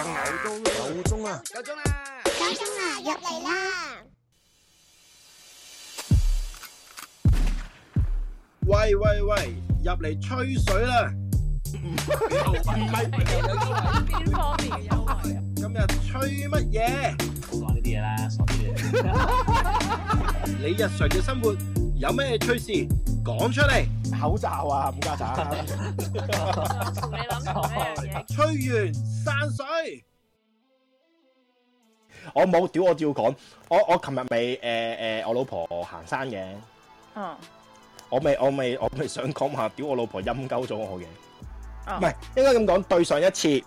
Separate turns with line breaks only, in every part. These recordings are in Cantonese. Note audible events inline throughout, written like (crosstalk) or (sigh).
有鐘啊！有鐘啊！有鐘啊！入嚟啦！喂喂喂！入嚟吹水啦！唔係邊方面嘅優惠啊？今日吹乜嘢？唔好講呢啲嘢啦，傻啲嘢。你日常嘅生活。有咩趣事？講出嚟。口罩啊，冚家鏟，你諗咩嘢？吹完散水，我冇屌，我照講。我我琴日咪誒誒，我老婆行山嘅。嗯，我咪我咪我咪想講下屌我老婆陰鳩咗我嘅。唔係、嗯、應該咁講，對上一次，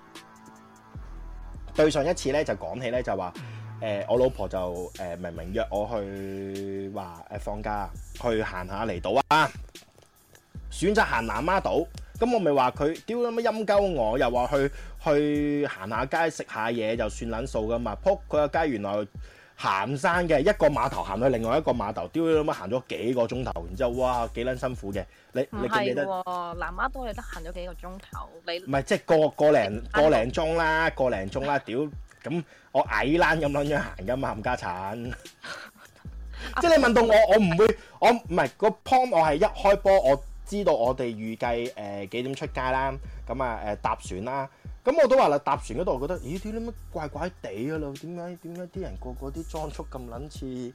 對上一次咧就講起咧就話。誒、呃、我老婆就誒、呃、明明約我去話誒放假去行下離島啊，選擇行南丫島，咁、嗯、我咪話佢屌你乜陰鳩我，又話去去行下街食下嘢就算撚數㗎嘛，撲佢個街原來行山嘅一個碼頭行到另外一個碼頭，屌你媽行咗幾個鐘頭，然之後哇幾撚辛苦嘅，你你記唔記得？南丫島你都行咗幾個鐘頭？你唔係即係個個零個零鐘啦，個零鐘啦，屌！咁我矮欄咁撚樣行㗎嘛，冚家鏟！ (laughs) 即係你問到我，我唔會，我唔係個 point，我係一開波我知道我哋預計誒、呃、幾點出街啦，咁啊誒、呃、搭船啦，咁我都話啦，搭船嗰度我覺得咦點解怪怪地㗎啦，點解點解啲人個個啲裝束咁撚似去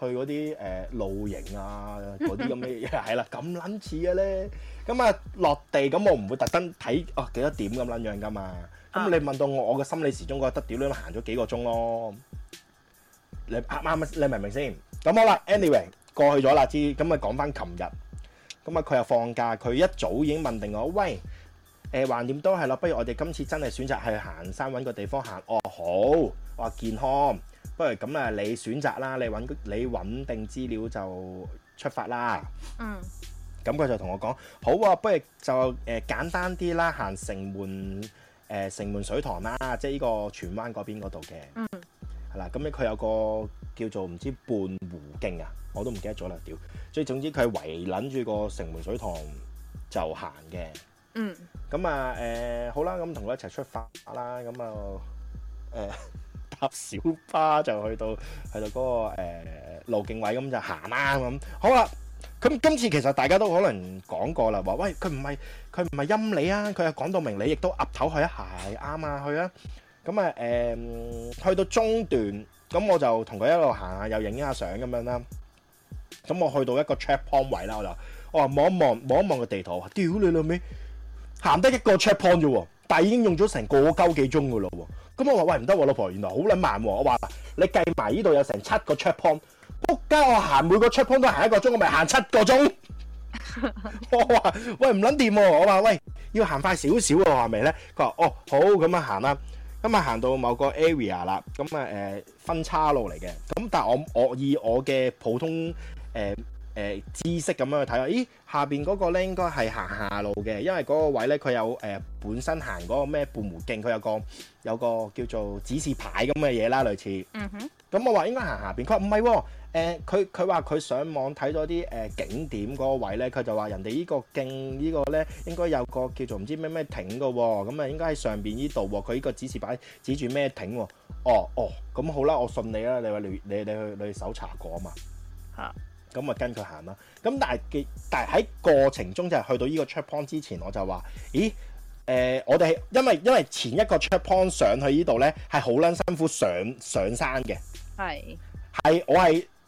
嗰啲誒露營啊嗰啲咁嘅係啦，咁撚似嘅咧，咁啊落地咁我唔會特登睇哦幾多點咁撚樣㗎嘛。咁、嗯、你問到我，我嘅心理時鐘覺得屌你，行咗幾個鐘咯？你啱啱、啊啊、你明唔明先？咁好啦，anyway 過去咗啦，知咁咪講翻琴日。咁啊，佢又放假，佢一早已經問定我，喂誒，橫、呃、掂都係咯，不如我哋今次真係選擇去行山，揾個地方行。哦，好，我話健康，不如咁啊，你選擇啦，你揾你揾定資料就出發啦。咁佢、嗯、就同我講好、啊，不如就誒、呃、簡單啲啦，行城門。誒、呃、城門水塘啦，即係呢個荃灣嗰邊嗰度嘅，係、嗯、啦。咁咧佢有個叫做唔知半湖徑啊，我都唔記得咗啦，屌。所以總之佢圍撚住個城門水塘就行嘅，嗯。咁啊誒、呃、好啦，咁同佢一齊出發啦，咁啊，誒、呃、搭小巴就去到去到嗰、那個、呃、路徑位，咁就行啦、啊，咁好啦。咁今次其實大家都可能講過啦，話喂佢唔係佢唔係陰你啊，佢又講到明你，亦都岌頭去啊，係啱啊，去啊。咁啊誒，去到中段咁，我就同佢一路行下，又影下相咁樣啦。咁我去到一個 checkpoint 位啦，我就我望一望望一望個地圖，屌你老味，you, 行得一個 checkpoint 啫喎，但係已經用咗成個鳩幾鐘噶咯喎。咁我話喂唔得喎，老婆，原來好撚慢喎。我話你計埋呢度有成七個 checkpoint。仆街，我行每個出 con 都行一個鐘，我咪行七個鐘、 (laughs) 啊。我話喂唔捻掂喎，我話喂要行快少少喎，我話未咧。佢、嗯、話哦好，咁啊行啦。咁啊行到某個 area 啦，咁啊誒分叉路嚟嘅。咁但係我我以我嘅普通誒誒、呃呃、知識咁樣去睇啊，咦下邊嗰個咧應該係行下路嘅，因為嗰個位咧佢有誒、呃、本身行嗰個咩半弧徑，佢有個有個叫做指示牌咁嘅嘢啦，類似。嗯哼。咁我話應該行下邊，佢唔係。誒佢佢話佢上網睇咗啲誒景點嗰個位咧，佢就話人哋呢個徑呢個咧應該有個叫做唔知咩咩亭噶喎，咁啊應該喺上邊呢度喎。佢呢個指示牌指住咩亭喎？哦哦，咁好啦，我信你啦。你話你你你去你去搜查過啊嘛嚇，咁啊跟佢行啦。咁但係嘅但係喺過程中就係去到呢個 checkpoint 之前，我就話咦誒、呃，我哋係因為因為前一個 checkpoint 上去呢度咧係好撚辛苦上上山嘅，係係 Yes. 我係。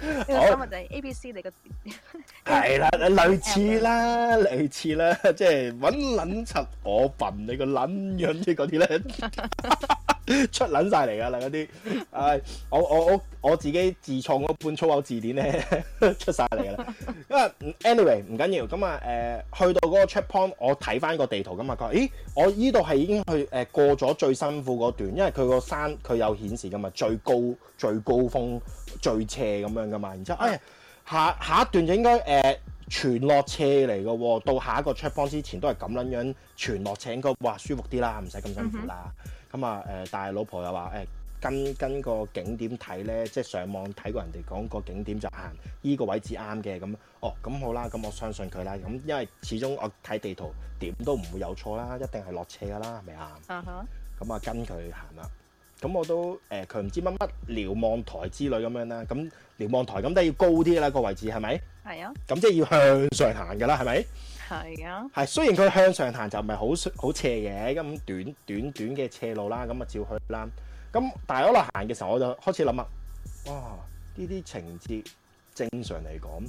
呢個生物就係 A B C 你個係啦， (noise) 哦、類似啦， (noise) 類似啦，即係搵撚柒我笨你個撚樣嘅嗰啲咧。 (laughs) (laughs) 出撚晒嚟噶啦嗰啲，唉，我我我我自己自創嗰半粗口字典咧 (laughs) 出晒嚟噶啦，因為 anyway 唔緊要，咁啊誒去到嗰個 check point，我睇翻個地圖咁啊，佢話，咦，我依度係已經去誒、呃、過咗最辛苦嗰段，因為佢個山佢有顯示噶嘛，最高最高峰、最斜咁樣噶嘛，然之後，哎，下下一段就應該誒。呃全落車嚟嘅喎，到下一個 check point 之前都係咁撚樣全落車應該，哇，舒服啲啦，唔使咁辛苦啦。咁啊誒，但係老婆又話誒、欸，跟跟個景點睇咧，即係上網睇過人哋講個景點就行，依、這個位置啱嘅咁，哦咁好啦，咁我相信佢啦，咁因為始終我睇地圖點都唔會有錯啦，一定係落車㗎啦，係咪啊？咁啊、嗯、哼跟佢行啦。咁、嗯、我都誒，佢、呃、唔知乜乜瞭望台之類咁樣啦。咁、嗯、瞭望台咁都係要高啲啦，個位置係咪？係啊。咁、嗯、即係要向上行嘅啦，係咪？係啊。係雖然佢向上行就唔係好好斜嘅，咁、嗯、短，短短短嘅斜路啦，咁、嗯、啊、嗯、照去啦。咁但係我落行嘅時候我就開始諗啊，哇！呢啲情節正常嚟講，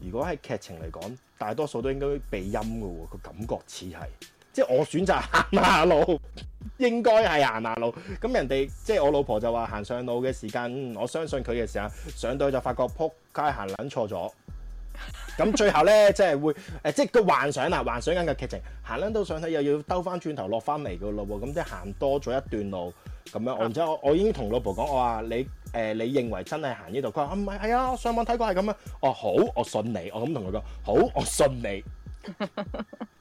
如果係劇情嚟講，大多數都應該被陰嘅喎，個感覺似係。即係我選擇行下路，應該係行下路。咁人哋即係我老婆就話行上路嘅時間、嗯，我相信佢嘅時候上到去就發覺仆街行撚錯咗。咁最後咧 (laughs) 即係會誒，即係佢幻想啦，幻想緊嘅劇情，行撚到上去又要兜翻轉頭落翻嚟嘅咯喎。咁即係行多咗一段路咁樣。我然之後我已經同老婆講，我、哦、話你誒、呃，你認為真係行呢度？佢話唔係，係啊，啊上網睇過係咁啊。哦，好，我信你，我咁同佢講，好，我信你。 (laughs)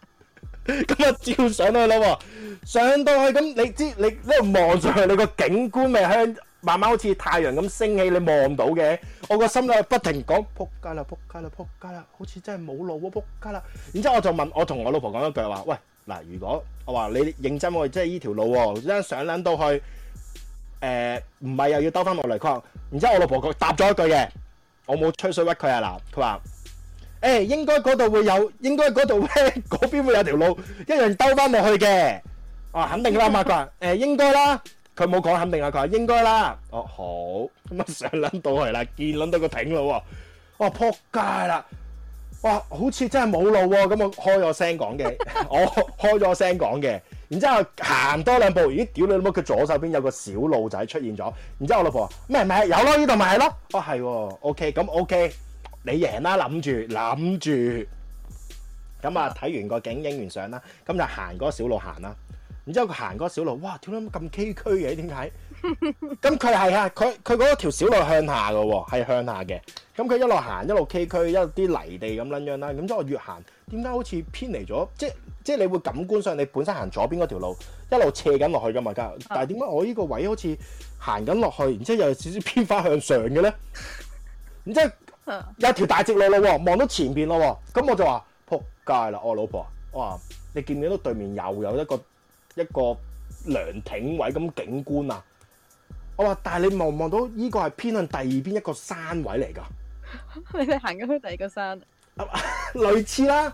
咁啊，照 (laughs) 上到去咯，上到去咁，你知你咧望上去，你個景觀咪向慢慢好似太陽咁升起，你望到嘅。我個心裡不停講，扑街啦，扑街啦，扑街啦，好似真係冇路喎，扑街啦。然之後我就問，我同我老婆講一句話，喂，嗱，如果我話你認真我即係呢條路喎，一陣上捻到去，誒、呃，唔係又要兜翻落嚟，佢。然之後我老婆佢答咗一句嘅，我冇吹水屈佢啊，嗱，佢話。誒，應該嗰度會有，應該嗰度咩？嗰 (laughs) 邊會有條路，一樣兜翻落去嘅。哦、啊，肯定、啊、啦，阿國。誒，應該啦。佢冇講肯定啊，佢話應該啦。哦，好。咁啊，上撚到嚟啦，見撚到個頂咯。哇，扑街啦！哇，好似真係冇路喎，啊。咁，啊，我開咗聲講嘅，我、 (laughs) 哦，開咗聲講嘅。然之後行多兩步，咦？屌你老母，佢左手邊有個小路仔出現咗。然之後我老婆：咩咩？有咯，呢度咪係咯？哦，啊，係，就是。OK，咁 OK。啊嗯你贏啦，諗住諗住，咁啊睇完個景，影完相啦，咁就行嗰小路行啦。然之後佢行嗰小路，哇！點解咁崎嶇嘅？點解？咁佢係啊，佢佢嗰條小路向下嘅喎，係向下嘅。咁佢一路行，一路崎嶇，一路啲泥地咁樣樣啦。咁之後越行，點解好似偏離咗？即即你會感官上，你本身行左邊嗰條路，一路斜緊落去噶嘛，但係點解我呢個位好似行緊落去，然之後又有少少偏返向上嘅咧？然之後。有條大直路咯，望到前邊咯，咁我就話扑街啦！我老婆，我話你見唔見到對面又有一個一個涼亭位咁景觀啊！我話但係你望唔望到依個係偏向第二邊一個山位嚟噶，你哋行緊去第二個山，類似啦，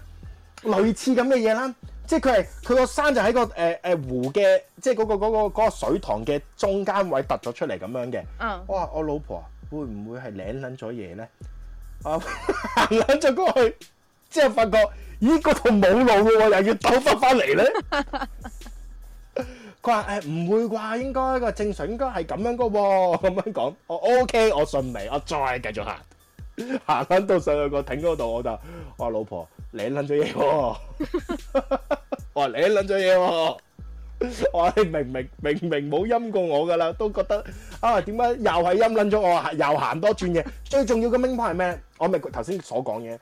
類似咁嘅嘢啦，即係佢係佢個山就喺個誒誒湖嘅，即係嗰個個個水塘嘅中間位突咗出嚟咁樣嘅。嗯，我話，我老婆會唔會係靚捻咗嘢咧？啊，行咗 (laughs) 過去，之後發覺，咦，嗰度冇路嘅喎，又要倒翻翻嚟咧。佢話誒，唔、欸、會啩，應該嘅，正常應該係咁樣嘅喎、啊。咁樣講，我 OK，我信你，我再繼續行。行 (laughs) 翻到上去個亭嗰度，我就話：老婆，你捻咗嘢喎！ (laughs) 我話你捻咗嘢喎！我係明明明明冇陰過我噶啦，都覺得啊，點解又係陰捻咗我？又行多轉嘢，最重要嘅名牌係咩？我咪頭先所講嘅，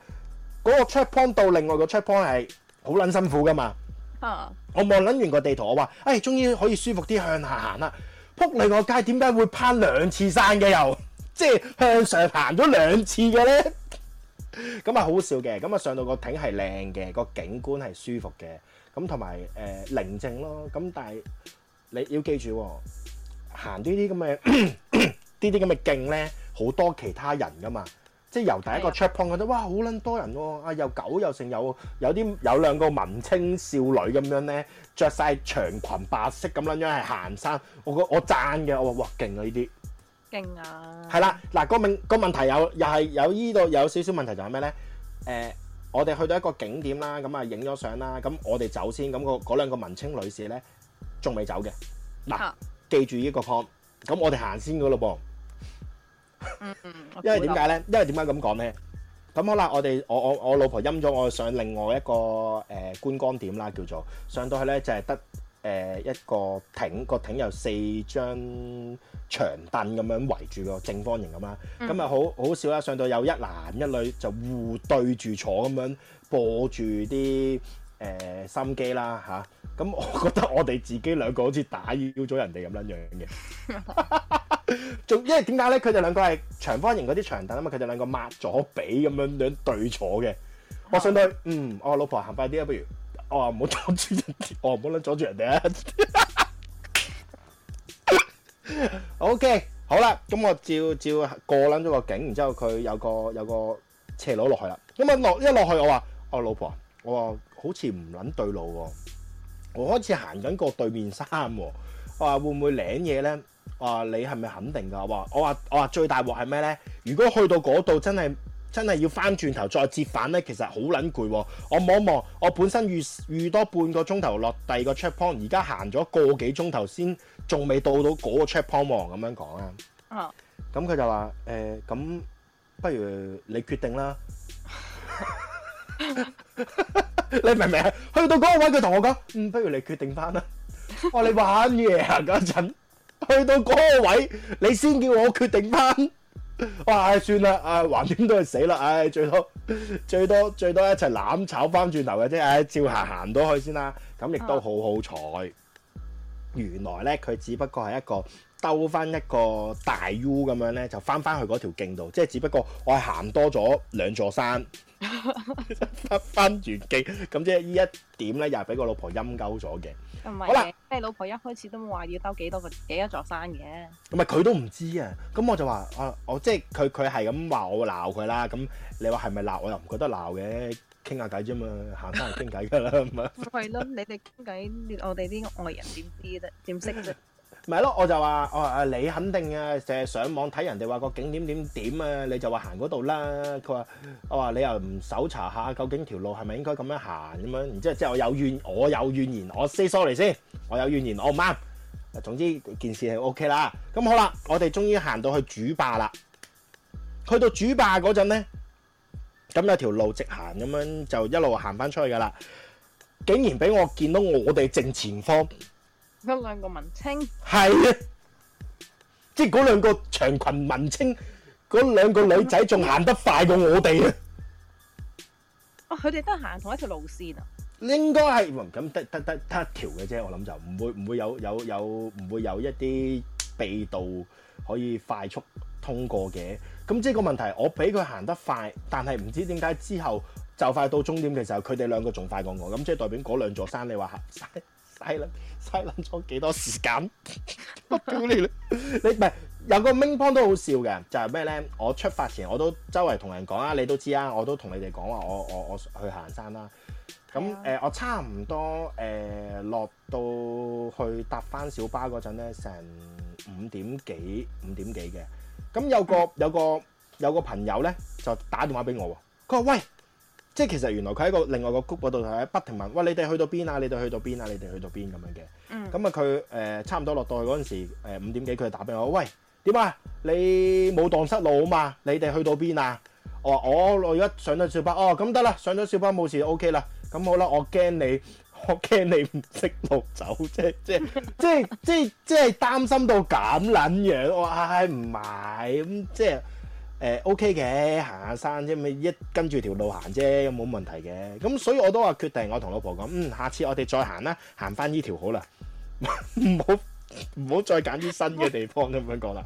嗰個 checkpoint 到另外個 checkpoint 係好捻辛苦噶嘛？啊！我望捻完個地圖，我話，誒，終於可以舒服啲向下行啦。撲你個街，點解會攀兩次山嘅？又即係向上行咗兩次嘅咧？咁啊，好好笑嘅。咁啊，上到個艇係靚嘅，個景觀係舒服嘅。咁同埋誒寧靜咯，咁但係你要記住，行呢啲咳咳呢啲呢啲咁嘅啲啲咁嘅勁咧，好多其他人噶嘛，即係由第一個 check point 我覺得哇好撚多人喎，啊，啊又狗又剩又有啲有，有兩個文青少女咁樣咧，着晒長裙白色咁撚樣係行山，我我讚嘅，我話哇勁啊呢啲，勁啊，係啦嗱個問個問題有又係有依度有少少問題就係咩咧誒？欸我哋去到一個景點啦，咁啊影咗相啦，咁我哋走先，咁個嗰兩個文青女士呢，仲未走嘅，嗱記住呢個框，咁我哋行先嘅咯噃，因為點解呢？因為點解咁講呢？咁好啦，我哋我我我老婆陰咗我上另外一個誒觀光點啦，叫做上到去呢就係得。誒、呃、一個艇，個艇有四張長凳咁樣圍住個正方形咁啦，咁、嗯、啊好好笑啦。上到有一男一女就互對住坐咁樣播住啲誒心機啦嚇，咁、啊、我覺得我哋自己兩個好似打擾咗人哋咁樣樣嘅，仲 (laughs) (laughs) 因為點解咧？佢哋兩個係長方形嗰啲長凳啊嘛，佢哋兩個抹咗比咁樣樣對坐嘅。好我上到去嗯，我老婆行快啲啊，不如。我話唔好阻住人，我唔好撚阻住人哋啊！O K，好啦，咁我照照過撚咗個景，然之後佢有個有個斜路落去啦。咁啊落一落去，我話：哦老婆，我話好似唔撚對路喎。我開始行緊過對面山喎。我話會唔會領嘢咧？我話你係咪肯定㗎？我話我話我話最大鑊係咩咧？如果去到嗰度真係～真係要返轉頭再折返呢？其實好撚攰。我望一望，我本身預預多半個鐘頭落第二個 check point，而家行咗個幾鐘頭先，仲未到到嗰個 check point 喎、哦。咁樣講啊，咁佢、哦、就話：誒、欸，咁不如你決定啦。 (laughs) 你明唔明啊？去到嗰個位，佢同我講：嗯，不如你決定返啦。我、哦、你玩嘢啊！嗰陣去到嗰個位，你先叫我決定返。哇、啊！算啦，啊，橫掂都係死啦，唉、啊，最多最多最多一齊攬炒翻轉頭嘅啫。唉、啊，照行行到去先啦，咁亦都好好彩。啊、原來咧，佢只不過係一個兜翻一個大 U 咁樣咧，就翻翻去嗰條徑度，即係只不過我係行多咗兩座山，翻 (laughs) (laughs) 翻完徑，咁即係依一點咧，又係俾個老婆陰鳩咗嘅。唔係是。好啦即係老婆一開始都冇話要兜幾多個幾多座山嘅，唔係佢都唔知啊。咁我就話，啊，我即係佢佢係咁話我會鬧佢啦。咁你話係咪鬧？我又唔覺得鬧嘅，傾下偈啫嘛，行翻嚟傾偈噶啦，咁啊。係咯，你哋傾偈，我哋啲外人點知啫？點識嘅？ (laughs) (laughs) 咪咯，我就話，我、哦、誒你肯定啊，成日上網睇人哋話個景點點點啊，你就話行嗰度啦。佢話，哦，我話你又唔搜查下，究竟條路係咪應該咁樣行咁樣？然之後即係我有怨，我有怨言，我 say sorry 先，我有怨言，我唔啱。總之件事係 OK 啦。咁好啦，我哋終於行到去主壩啦。去到主壩嗰陣咧，咁有條路直行咁樣，就一路行翻出去噶啦。竟然俾我見到我哋正前方。嗰兩個文青係啊，即係嗰兩個長裙文青，嗰兩個女仔仲行得快過我哋啊！哦，佢哋得行同一條路線啊？應該係咁得得得得一條嘅啫，我諗就唔會唔會有有有唔會有一啲秘道可以快速通過嘅。咁即係個問題，我俾佢行得快，但係唔知點解之後就快到終點嘅時候，佢哋兩個仲快過我。咁即係代表嗰兩座山你，你話行？嘥捻嘥捻咗幾多時間？唔好理啦。你唔係有個明光都好笑嘅，就係咩咧？我出發前我都周圍同人講啊，你都知啊，我都同你哋講話，我我我去行山啦。咁誒、呃，我差唔多誒、呃、落到去搭返小巴嗰陣咧，成五點幾五點幾嘅。咁有個有個有個朋友咧，就打電話俾我喎。佢話喂。即係其實原來佢喺個另外個 group 嗰度係不停問，喂你哋去到邊、嗯呃呃、啊？你哋去到邊啊？你哋去到邊咁樣嘅。嗯。咁啊佢誒差唔多落到去嗰陣時誒五點幾佢就打俾我，喂點啊？你冇蕩失路啊嘛？你哋去到邊啊？我我我而家上咗小巴，哦咁得啦，上咗小巴冇事，O K 啦。咁好啦，我驚你，我驚你唔識路走，即即即即即擔心到咁撚樣。我話唉唔係咁即。誒、欸、OK 嘅，行下山啫，咪一跟住條路行啫，冇問題嘅。咁所以我都話決定，我同老婆講，嗯，下次我哋再行啦，行返呢條好啦，唔好唔好再揀啲新嘅地方咁樣講啦。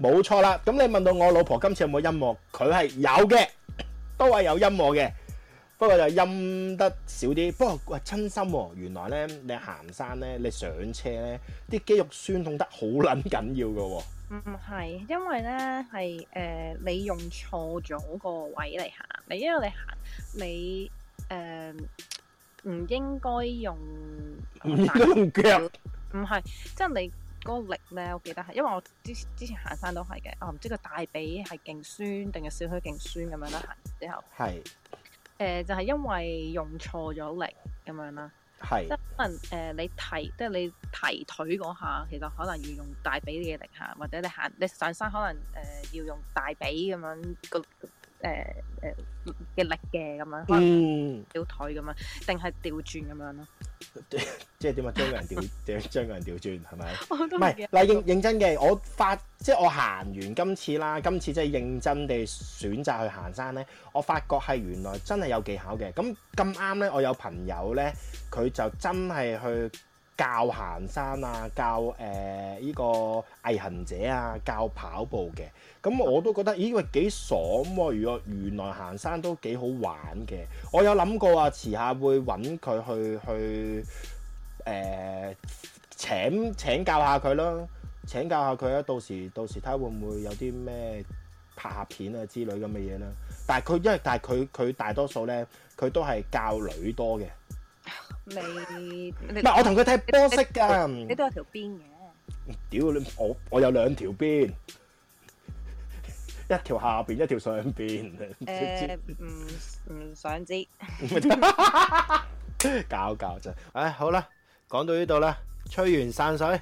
冇 (laughs) 錯啦。咁你問到我老婆今次有冇音樂，佢係有嘅，都係有音樂嘅。不過就陰得少啲，不過喂，真心喎，原來咧，你行山咧，你上車咧，啲肌肉酸痛得好捻緊要㗎喎。唔係，因為咧係誒，你用錯咗個位嚟行，你因為你行你誒，唔應該用、呃、唔應該用腳，唔、呃、係，即係、 (laughs) 就是、你嗰個力咧，我記得係，因為我之前之前行山都係嘅，我唔知個大髀係勁酸定係小腿勁酸咁樣啦，行之後係。誒、呃、就係、是、因為用錯咗力咁樣啦，係即係可能誒、呃、你提，即係你提腿嗰下，其實可能要用大髀嘅力下，或者你行你上山可能誒、呃、要用大髀咁樣個。誒誒嘅力嘅咁樣，掉腿咁樣，定係調轉咁樣咯？ (laughs) 即係點啊？將個人掉掉 (laughs) 將個人調轉係咪？唔係嗱，認認真嘅，我發即係我行完今次啦。今次即係認真地選擇去行山咧，我發覺係原來真係有技巧嘅。咁咁啱咧，我有朋友咧，佢就真係去教行山啊，教誒呢、呃這個毅行者啊，教跑步嘅，咁我都覺得咦喂幾爽喎！如果原來行山都幾好玩嘅，我有諗過啊，遲下會揾佢去去誒、呃、請請教下佢咯，請教下佢啊！到時到時睇下會唔會有啲咩拍下片啊之類咁嘅嘢啦。但係佢因為但係佢佢大多數咧，佢都係教女多嘅。未唔我同佢睇波色㗎，你都有條邊嘅。屌你我我有兩條邊，一條下邊，一條上邊。唔唔、呃、想知， (laughs) 搞搞啫。唉好啦，講到呢度啦，吹完散水，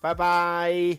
拜拜。